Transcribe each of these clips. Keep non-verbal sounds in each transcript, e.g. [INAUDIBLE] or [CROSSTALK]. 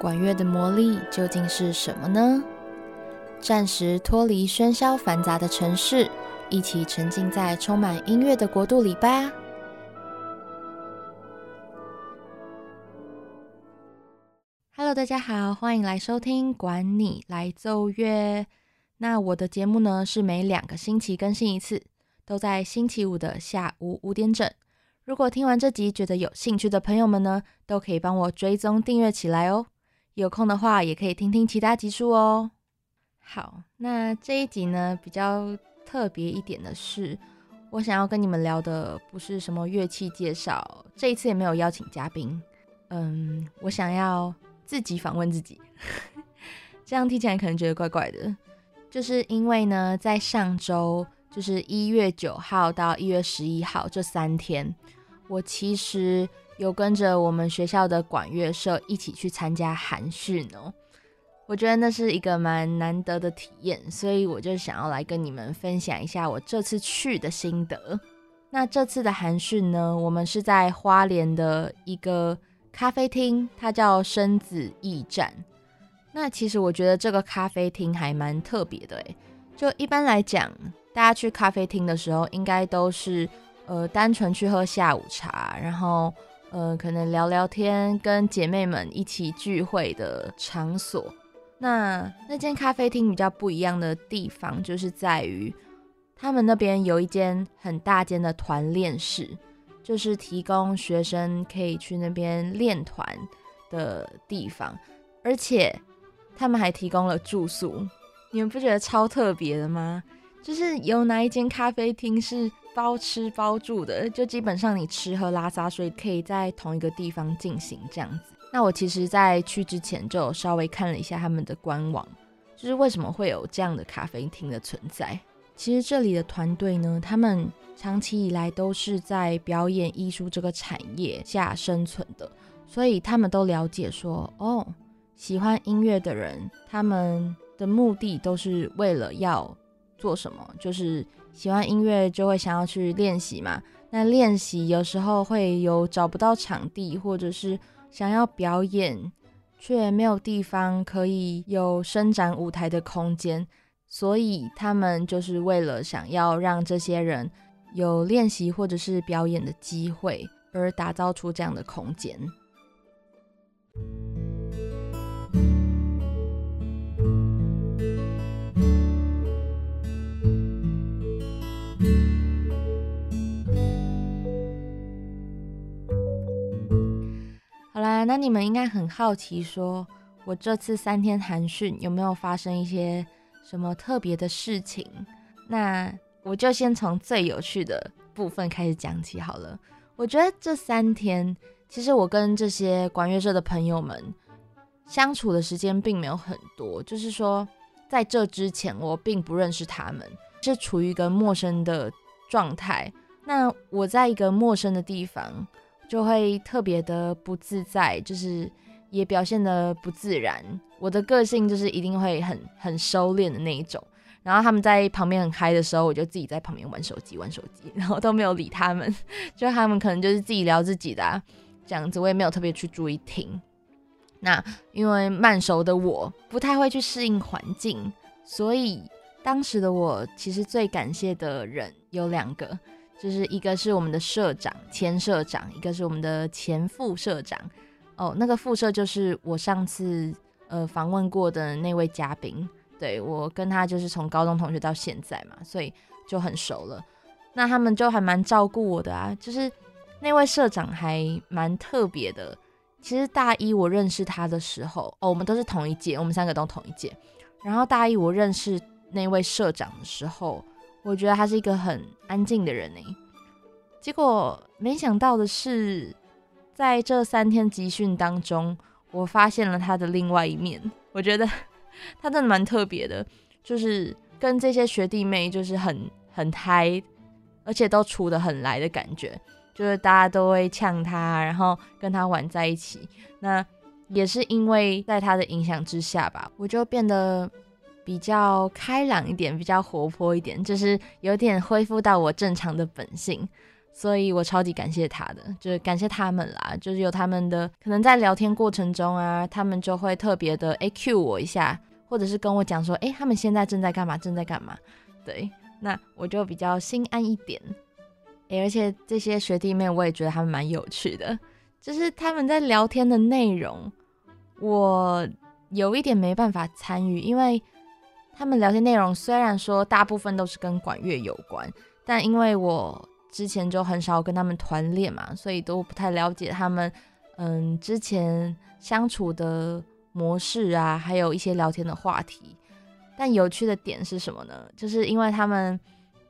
管樂的魔力究竟是什麼呢？暫時脫離喧囂繁雜的城市，一起沉浸在充滿音樂的國度裡吧。Hello，大家好，歡迎來收聽《管你來奏樂》。那我的節目呢，是每兩個星期更新一次，都在星期五的下午五點整。如果聽完這集覺得有興趣的朋友們呢，都可以幫我追蹤訂閱起來哦。有空的話，也可以聽聽其他集數哦。好，那這一集呢，比較特別一點的是，我想要跟你們聊的不是什麼樂器介紹，這一次也沒有邀請嘉賓。嗯，我想要自己訪問自己， [LAUGHS] 這樣聽起來可能覺得怪怪的。就是因為呢，在上周，就是一月九號到一月十一號這三天，我其實。有跟着我們學校的管樂社一起去參加寒訓哦，我覺得那是一個蠻難得的體驗，所以我就想要來跟你們分享一下我這次去的心得。那這次的寒訓呢，我們是在花蓮的一個咖啡廳，它叫生子驛站。那其實我覺得這個咖啡廳還蠻特別的耶，就一般來講，大家去咖啡廳的時候，應該都是呃單純去喝下午茶，然後。呃，可能聊聊天，跟姐妹們一起聚會的場所。那那間咖啡廳比較不一樣的地方，就是在於他們那邊有一間很大間的團練室，就是提供學生可以去那邊練團的地方，而且他們還提供了住宿。你們不覺得超特別的嗎？就是有哪一間咖啡廳是包吃包住的，就基本上你吃喝拉撒，所以可以在同一個地方進行這樣子。那我其實，在去之前就稍微看了一下他們的官網，就是為什麼會有這樣的咖啡廳的存在。其實這裡的團隊呢，他們長期以來都是在表演藝術這個產業下生存的，所以他們都了解說，哦，喜歡音樂的人，他們的目的都是為了要做什麼，就是。喜歡音樂就會想要去練習嘛，那練習有時候會有找不到場地，或者是想要表演卻沒有地方可以有伸展舞台的空間，所以他們就是為了想要讓這些人有練習或者是表演的機會而打造出這樣的空間。那你們應該很好奇，說我這次三天寒訓有沒有發生一些什麼特別的事情？那我就先從最有趣的部分開始講起好了。我覺得這三天，其實我跟這些管樂社的朋友們相處的時間並沒有很多，就是說在這之前，我並不認識他們，是處於一個陌生的狀態。那我在一個陌生的地方。就會特別的不自在，就是也表現得不自然。我的個性就是一定會很很收斂的那一種。然後他們在旁邊很嗨的時候，我就自己在旁邊玩手機，玩手機，然後都沒有理他們。就他們可能就是自己聊自己的、啊、這樣子，我也沒有特別去注意聽。那因為慢熟的我不太會去適應環境，所以當時的我其實最感謝的人有兩個。就是一個是我們的社長，前社長，一個是我們的前副社長，哦，那個副社就是我上次呃訪問過的那位嘉賓，對，我跟他就是從高中同學到現在嘛，所以就很熟了。那他們就還蠻照顧我的啊，就是那位社長還蠻特別的。其實大一我認識他的時候，哦，我們都是同一屆，我們三個都同一屆。然後大一我認識那位社長的時候。我覺得他是一個很安靜的人呢、欸。結果沒想到的是，在這三天集訓當中，我發現了他的另外一面。我覺得他真的蠻特別的，就是跟這些學弟妹就是很很嗨，而且都處得很來的感覺，就是大家都會嗆他，然後跟他玩在一起。那也是因為在他的影響之下吧，我就變得。比較開朗一點，比較活潑一點，就是有點恢復到我正常的本性，所以我超級感謝他的，就是感謝他們啦，就是有他們的，可能在聊天過程中啊，他們就會特別的哎 cue 我一下，或者是跟我講說，哎、欸，他們現在正在幹嘛，正在幹嘛，對，那我就比較心安一點，欸、而且這些學弟妹我也覺得他們蠻有趣的，就是他們在聊天的內容，我有一點沒辦法參與，因為。他們聊天內容雖然說大部分都是跟管樂有關，但因為我之前就很少跟他們團練嘛，所以都不太了解他們，嗯，之前相處的模式啊，還有一些聊天的話題。但有趣的點是什麼呢？就是因為他們，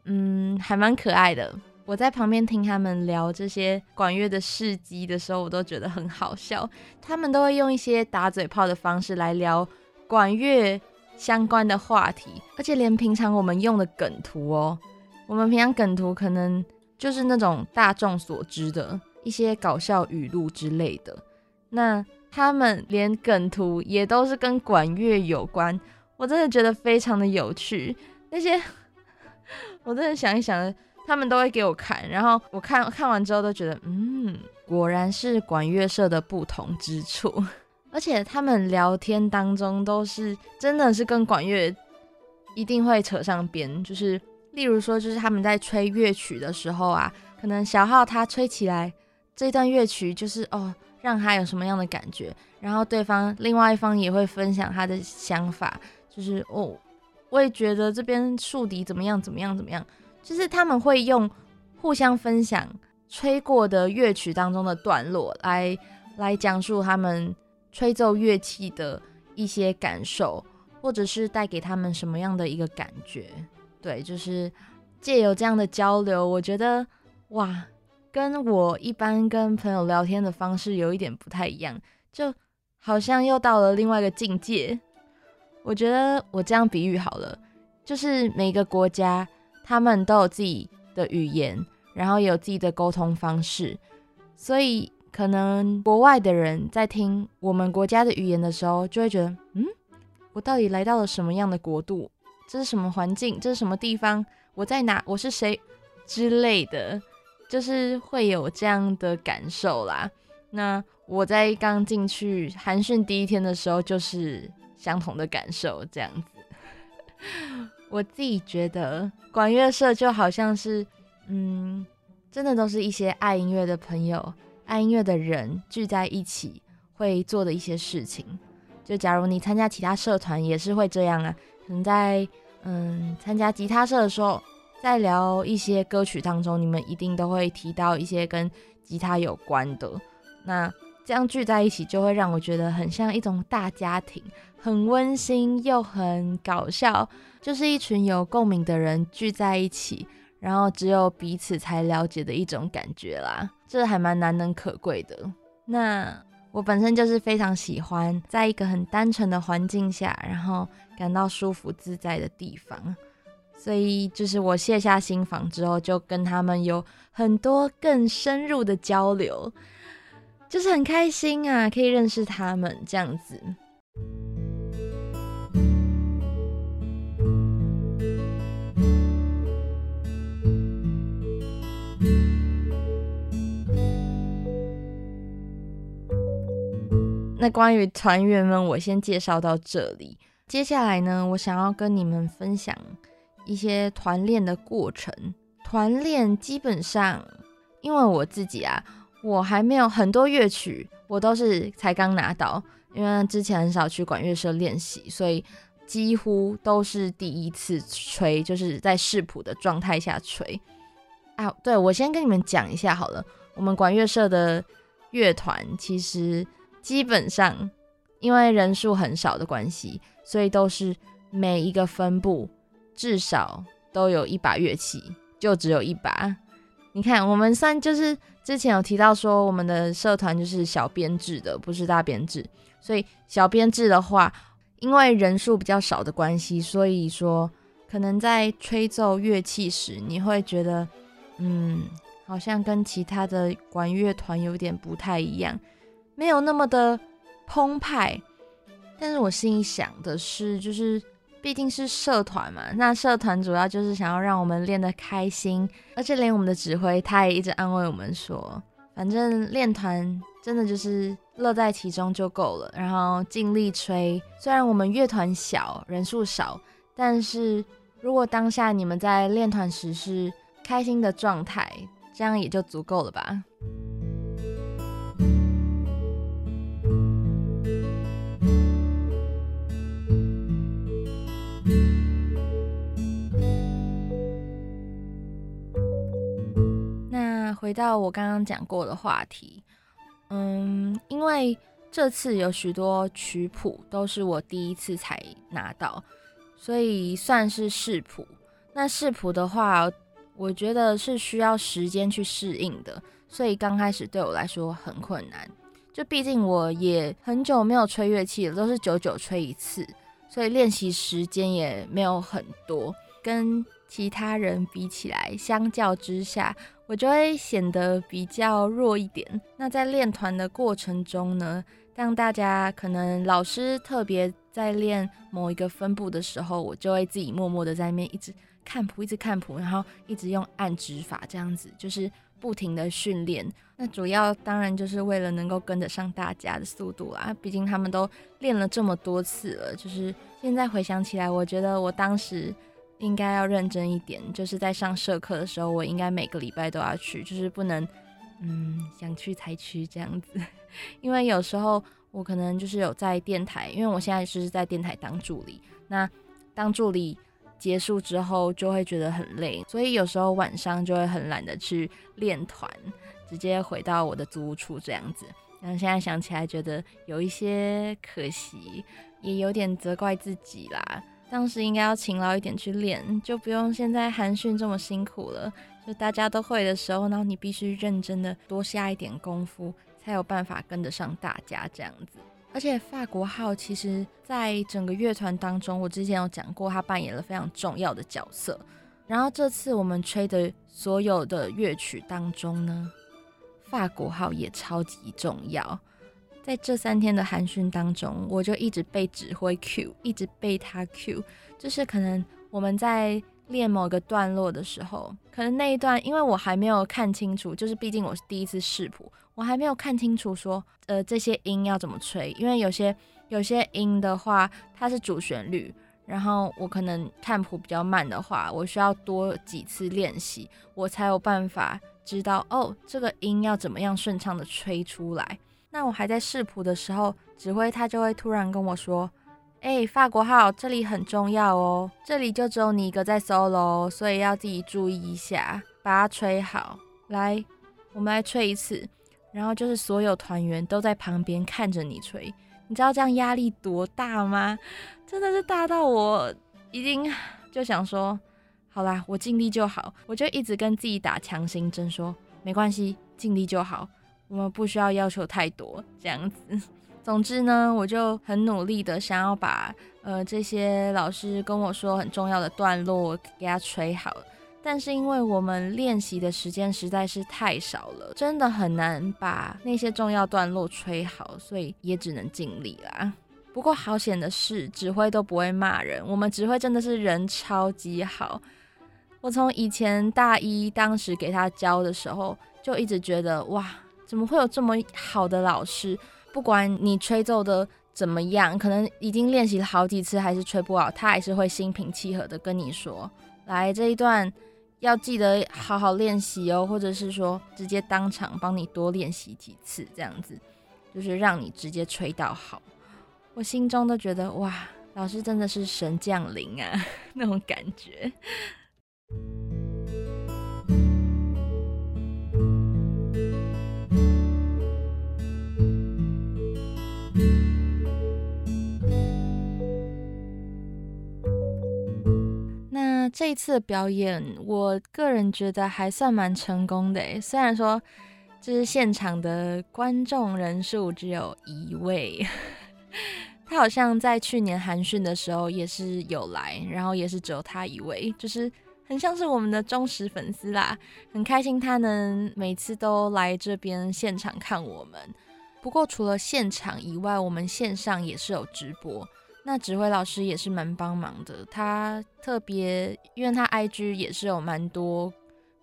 嗯，還蠻可愛的。我在旁邊聽他們聊這些管樂的事蹟的時候，我都覺得很好笑。他們都會用一些打嘴炮的方式來聊管樂。相關的話題，而且連平常我們用的梗圖哦、喔，我們平常梗圖可能就是那種大眾所知的一些搞笑語錄之類的。那他們連梗圖也都是跟管樂有關，我真的覺得非常的有趣。那些 [LAUGHS] 我真的想一想，他們都會給我看，然後我看看完之後都覺得，嗯，果然是管樂社的不同之處。而且他們聊天當中都是真的，是跟管樂一定會扯上邊。就是例如說，就是他們在吹樂曲的時候啊，可能小號他吹起來這一段樂曲，就是哦，讓他有什麼樣的感覺。然後對方另外一方也會分享他的想法，就是哦，我也覺得這邊豎笛怎麼樣，怎麼樣，怎麼樣。就是他們會用互相分享吹過的樂曲當中的段落來來講述他們。吹奏樂器的一些感受，或者是帶給他們什麼樣的一個感覺？對，就是借由這樣的交流，我覺得哇，跟我一般跟朋友聊天的方式有一點不太一樣，就好像又到了另外一個境界。我覺得我這樣比喻好了，就是每一個國家他們都有自己的語言，然後有自己的溝通方式，所以。可能國外的人在聽我們國家的語言的時候，就會覺得，嗯，我到底來到了什麼樣的國度？這是什麼環境？這是什麼地方？我在哪？我是誰？之類的，就是會有這樣的感受啦。那我在剛進去寒訓第一天的時候，就是相同的感受，這樣子。 [LAUGHS] 我自己覺得管樂社就好像是，嗯，真的都是一些愛音樂的朋友。愛音樂的人聚在一起會做的一些事情，就假如你參加其他社團也是會這樣啊。可能在嗯參加吉他社的時候，在聊一些歌曲當中，你們一定都會提到一些跟吉他有關的。那這樣聚在一起就會讓我覺得很像一種大家庭，很溫馨又很搞笑，就是一群有共鳴的人聚在一起，然後只有彼此才了解的一種感覺啦。這還蠻難能可貴的。那我本身就是非常喜歡在一個很單純的環境下，然後感到舒服自在的地方，所以就是我卸下心防之後，就跟他們有很多更深入的交流，就是很開心啊，可以認識他們這樣子。那關於團員們，我先介紹到這裡。接下來呢，我想要跟你們分享一些團練的過程。團練基本上，因為我自己啊，我還沒有很多樂曲，我都是才剛拿到，因為之前很少去管樂社練習，所以幾乎都是第一次吹，就是在試譜的狀態下吹。啊，對，我先跟你們講一下好了。我們管樂社的樂團其實。基本上，因為人數很少的關係，所以都是每一個分部至少都有一把樂器，就只有一把。你看，我們算就是之前有提到說，我們的社團就是小編制的，不是大編制。所以小編制的話，因為人數比較少的關係，所以說可能在吹奏樂器時，你會覺得，嗯，好像跟其他的管樂團有點不太一樣。沒有那麼的澎湃，但是我心裡想的是，就是畢竟是社團嘛，那社團主要就是想要讓我們練得開心，而且連我們的指揮他也一直安慰我們說，反正練團真的就是樂在其中就夠了，然後盡力吹。雖然我們樂團小，人數少，但是如果當下你們在練團時是開心的狀態，這樣也就足夠了吧。那回到我剛剛講過的話題，嗯，因為這次有許多曲譜都是我第一次才拿到，所以算是試譜。那試譜的話，我覺得是需要時間去適應的，所以剛開始對我來說很困難。就畢竟我也很久沒有吹樂器了，都是久久吹一次。所以練習時間也沒有很多，跟其他人比起來，相較之下，我就會顯得比較弱一點。那在練團的過程中呢，當大家可能老師特別在練某一個分部的時候，我就會自己默默的在那邊一直看譜，一直看譜，然後一直用按指法這樣子，就是。不停的訓練，那主要當然就是為了能夠跟得上大家的速度啦。畢竟他們都練了這麼多次了。就是現在回想起來，我覺得我當時應該要認真一點。就是在上社課的時候，我應該每個禮拜都要去，就是不能嗯想去才去這樣子。因為有時候我可能就是有在電臺，因為我現在就是在電臺當助理。那當助理，結束之後，就會覺得很累，所以有時候晚上就會很懶得去練團，直接回到我的租屋處這樣子。然後現在想起來覺得有一些可惜，也有點責怪自己啦。當時應該要勤勞一點去練，就不用現在寒訓這麼辛苦了。就大家都會的時候，然後你必須認真的多下一點功夫，才有辦法跟得上大家這樣子。而且法國號其實在整個樂團當中，我之前有講過，他扮演了非常重要的角色。然後這次我們吹的所有的樂曲當中呢，法國號也超級重要。在這三天的寒訓當中，我就一直被指揮 cue 一直被他 cue 就是可能我們在練某個段落的時候，可能那一段因為我還沒有看清楚，就是畢竟我是第一次試譜。我還沒有看清楚說，呃，這些音要怎麼吹，因為有些有些音的話，它是主旋律，然後我可能看譜比較慢的話，我需要多幾次練習，我才有辦法知道哦，這個音要怎麼樣順暢的吹出來。那我還在試譜的時候，指揮他就會突然跟我說，哎、欸，法國號這裡很重要哦，這裡就只有你一個在 solo，所以要自己注意一下，把它吹好。來，我們來吹一次。然後就是所有團員都在旁邊看着你吹，你知道這樣壓力多大嗎？真的是大到我已經就想說，好啦，我盡力就好，我就一直跟自己打強心針，說沒關係，盡力就好，我們不需要要求太多，這樣子。總之呢，我就很努力的想要把呃這些老師跟我說很重要的段落給他吹好了。但是因為我們練習的時間實在是太少了，真的很難把那些重要段落吹好，所以也只能盡力啦。不過好險的是，指揮都不會罵人，我們指揮真的是人超級好。我從以前大一當時給他教的時候，就一直覺得哇，怎麼會有這麼好的老師？不管你吹奏得怎麼樣，可能已經練習了好幾次還是吹不好，他還是會心平氣和地跟你說：“來這一段。”要記得好好練習哦，或者是說直接當場幫你多練習幾次，這樣子就是讓你直接吹到好。我心中都覺得哇，老師真的是神降臨啊，那種感覺。這一次的表演，我個人覺得還算蠻成功的耶。雖然說，就是現場的觀眾人數只有一位， [LAUGHS] 他好像在去年寒訓的時候也是有來，然後也是只有他一位，就是很像是我們的忠實粉絲啦。很開心他能每次都來這邊現場看我們。不過除了現場以外，我們線上也是有直播。那指揮老師也是蠻幫忙的，他特別，因為他 IG 也是有蠻多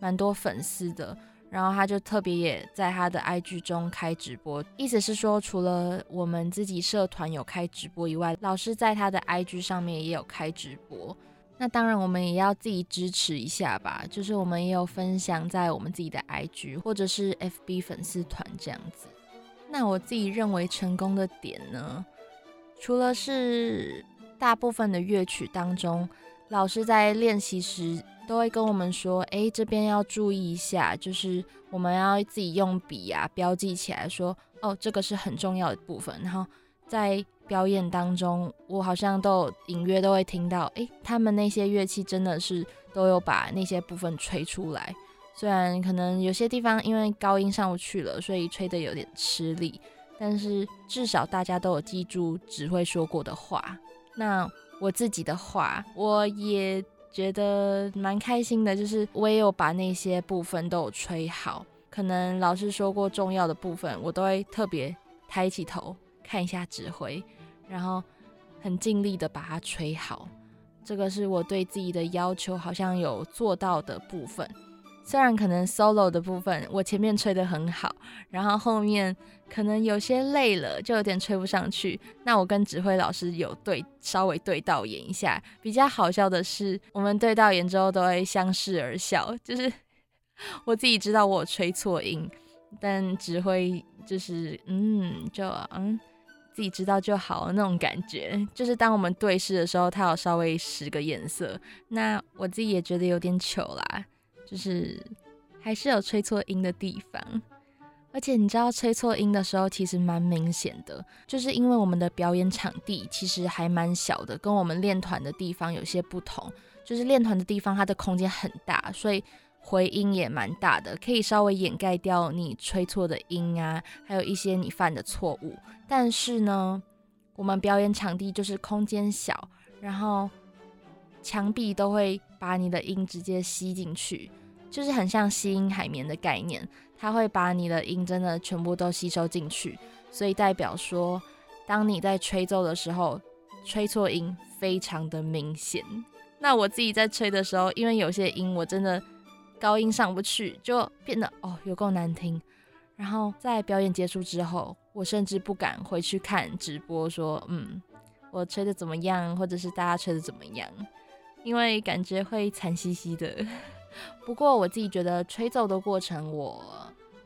蠻多粉絲的，然後他就特別也在他的 IG 中開直播，意思是說，除了我們自己社團有開直播以外，老師在他的 IG 上面也有開直播。那當然我們也要自己支持一下吧，就是我們也有分享在我們自己的 IG 或者是 FB 粉絲團這樣子。那我自己認為成功的點呢？除了是大部分的樂曲當中，老師在練習時都會跟我們說：“哎，這邊要注意一下，就是我們要自己用筆呀、啊、標記起來說，說哦，這個是很重要的部分。”然後在表演當中，我好像都隱約都會聽到，哎，他們那些樂器真的是都有把那些部分吹出來，雖然可能有些地方因為高音上不去了，所以吹得有點吃力。但是至少大家都有記住指揮說過的話。那我自己的話，我也覺得蠻開心的，就是我也有把那些部分都有吹好。可能老師說過重要的部分，我都會特別抬起頭看一下指揮，然後很盡力的把它吹好。這個是我對自己的要求，好像有做到的部分。雖然可能 solo 的部分我前面吹得很好，然後後面可能有些累了，就有點吹不上去。那我跟指揮老師有對稍微對到眼一下，比較好笑的是，我們對到眼之後都會相視而笑。就是我自己知道我有吹錯音，但指揮就是嗯，就嗯，自己知道就好那種感覺。就是當我們對視的時候，他有稍微使個眼色，那我自己也覺得有點糗啦。就是還是有吹錯音的地方，而且你知道吹錯音的時候其實蠻明顯的，就是因為我們的表演場地其實還蠻小的，跟我們練團的地方有些不同。就是練團的地方它的空間很大，所以回音也蠻大的，可以稍微掩蓋掉你吹錯的音啊，還有一些你犯的錯誤。但是呢，我們表演場地就是空間小，然後牆壁都會。把你的音直接吸進去，就是很像吸音海綿的概念，它會把你的音真的全部都吸收進去。所以代表說，當你在吹奏的時候，吹錯音非常的明顯。那我自己在吹的時候，因為有些音我真的高音上不去，就變得哦有夠難聽。然後在表演結束之後，我甚至不敢回去看直播說，說嗯我吹的怎麼樣，或者是大家吹的怎麼樣。因為感覺會慘兮兮的， [LAUGHS] 不過我自己覺得吹奏的過程我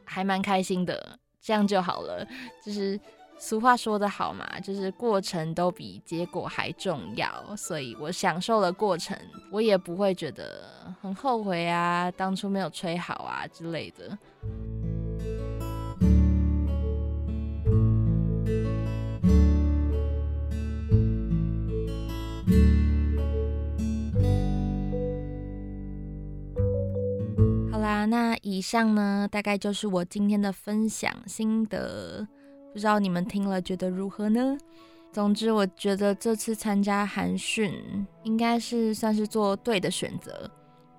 還蠻開心的，這樣就好了。就是俗話說得好嘛，就是過程都比結果還重要，所以我享受了過程，我也不會覺得很後悔啊，當初沒有吹好啊之類的。那以上呢，大概就是我今天的分享心得，不知道你們聽了覺得如何呢？總之，我覺得這次參加寒訓應該是算是做對的選擇。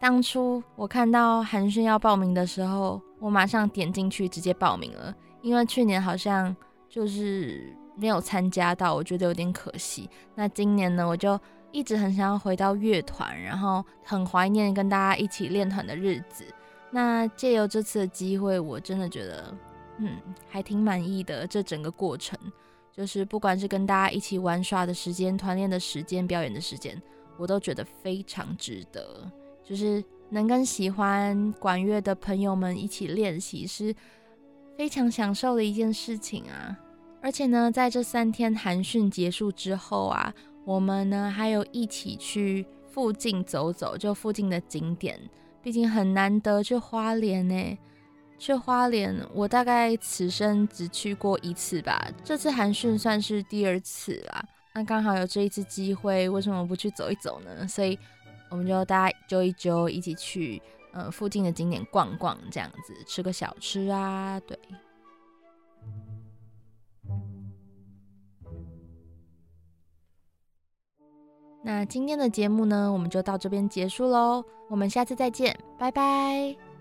當初我看到寒訓要報名的時候，我馬上點進去直接報名了，因為去年好像就是沒有參加到，我覺得有點可惜。那今年呢，我就一直很想要回到樂團，然後很懷念跟大家一起練團的日子。那借由這次的機會，我真的覺得，嗯，還挺滿意的。這整個過程，就是不管是跟大家一起玩耍的時間、團練的時間、表演的時間，我都覺得非常值得。就是能跟喜歡管樂的朋友們一起練習，是非常享受的一件事情啊！而且呢，在這三天寒訓結束之後啊，我們呢還有一起去附近走走，就附近的景點。畢竟很難得去花蓮呢，去花蓮，去花蓮我大概此生只去過一次吧，這次寒訓算是第二次啦。那剛好有這一次機會，為什麼我不去走一走呢？所以我們就大家揪一揪，一起去、呃、附近的景點逛逛，這樣子吃個小吃啊，對。那今天的節目呢，我們就到這邊結束嘍。我們下次再見，拜拜。